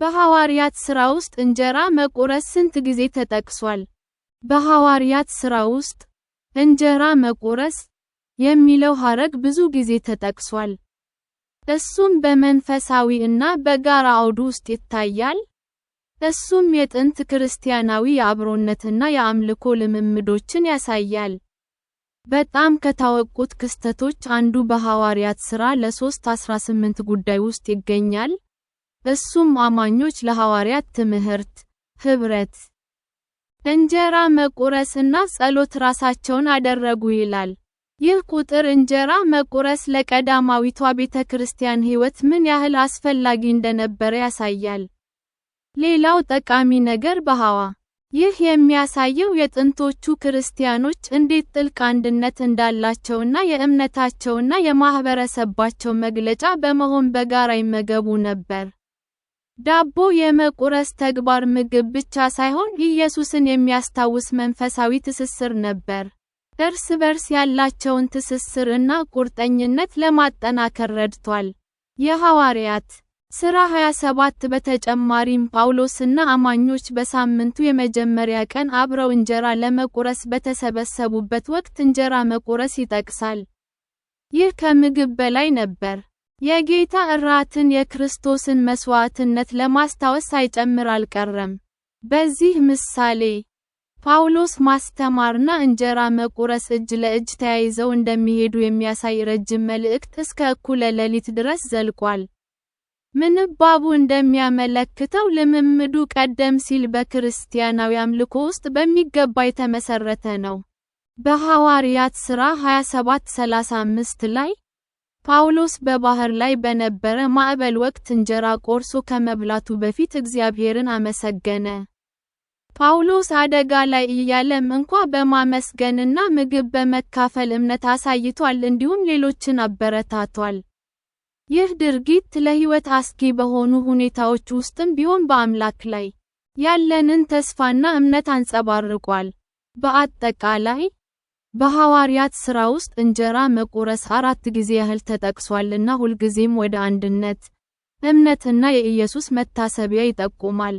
በሐዋርያት ሥራ ውስጥ እንጀራ መቁረስ ስንት ጊዜ ተጠቅሷል? በሐዋርያት ሥራ ውስጥ እንጀራ መቁረስ የሚለው ሐረግ ብዙ ጊዜ ተጠቅሷል። እሱም በመንፈሳዊ እና በጋራ አውድ ውስጥ ይታያል። እሱም የጥንት ክርስቲያናዊ የአብሮነትና የአምልኮ ልምምዶችን ያሳያል። በጣም ከታወቁት ክስተቶች አንዱ በሐዋርያት ሥራ ለ3:18 ጉዳይ ውስጥ ይገኛል። እሱም አማኞች ለሐዋርያት ትምህርት፣ ኅብረት፣ እንጀራ መቁረስና ጸሎት ራሳቸውን አደረጉ ይላል። ይህ ቁጥር እንጀራ መቁረስ ለቀዳማዊቷ ቤተ ክርስቲያን ሕይወት ምን ያህል አስፈላጊ እንደነበረ ያሳያል። ሌላው ጠቃሚ ነገር በሐዋ ይህ የሚያሳየው የጥንቶቹ ክርስቲያኖች እንዴት ጥልቅ አንድነት እንዳላቸውና የእምነታቸውና የማኅበረሰባቸው መግለጫ በመሆን በጋራ ይመገቡ ነበር። ዳቦ የመቁረስ ተግባር ምግብ ብቻ ሳይሆን ኢየሱስን የሚያስታውስ መንፈሳዊ ትስስር ነበር። እርስ በርስ ያላቸውን ትስስር እና ቁርጠኝነት ለማጠናከር ረድቷል። የሐዋርያት ሥራ 27 በተጨማሪም ጳውሎስና አማኞች በሳምንቱ የመጀመሪያ ቀን አብረው እንጀራ ለመቁረስ በተሰበሰቡበት ወቅት እንጀራ መቁረስ ይጠቅሳል። ይህ ከምግብ በላይ ነበር። የጌታ እራትን የክርስቶስን መሥዋዕትነት ለማስታወስ ሳይጨምር አልቀረም። በዚህ ምሳሌ፣ ጳውሎስ ማስተማርና እንጀራ መቁረስ እጅ ለእጅ ተያይዘው እንደሚሄዱ የሚያሳይ ረጅም መልእክት እስከ እኩለ ሌሊት ድረስ ዘልቋል። ምንባቡ እንደሚያመለክተው ልምምዱ ቀደም ሲል በክርስቲያናዊ አምልኮ ውስጥ በሚገባ የተመሠረተ ነው። በሐዋርያት ሥራ 27:35 ላይ፣ ጳውሎስ በባህር ላይ በነበረ ማዕበል ወቅት እንጀራ ቆርሶ ከመብላቱ በፊት እግዚአብሔርን አመሰገነ። ጳውሎስ አደጋ ላይ እያለም እንኳ በማመስገንና ምግብ በመካፈል እምነት አሳይቷል እንዲሁም ሌሎችን አበረታቷል። ይህ ድርጊት ለሕይወት አስጊ በሆኑ ሁኔታዎች ውስጥም ቢሆን በአምላክ ላይ ያለንን ተስፋና እምነት አንጸባርቋል። በአጠቃላይ በሐዋርያት ሥራ ውስጥ እንጀራ መቁረስ አራት ጊዜ ያህል ተጠቅሷልና ሁልጊዜም ወደ አንድነት፣ እምነትና የኢየሱስ መታሰቢያ ይጠቁማል።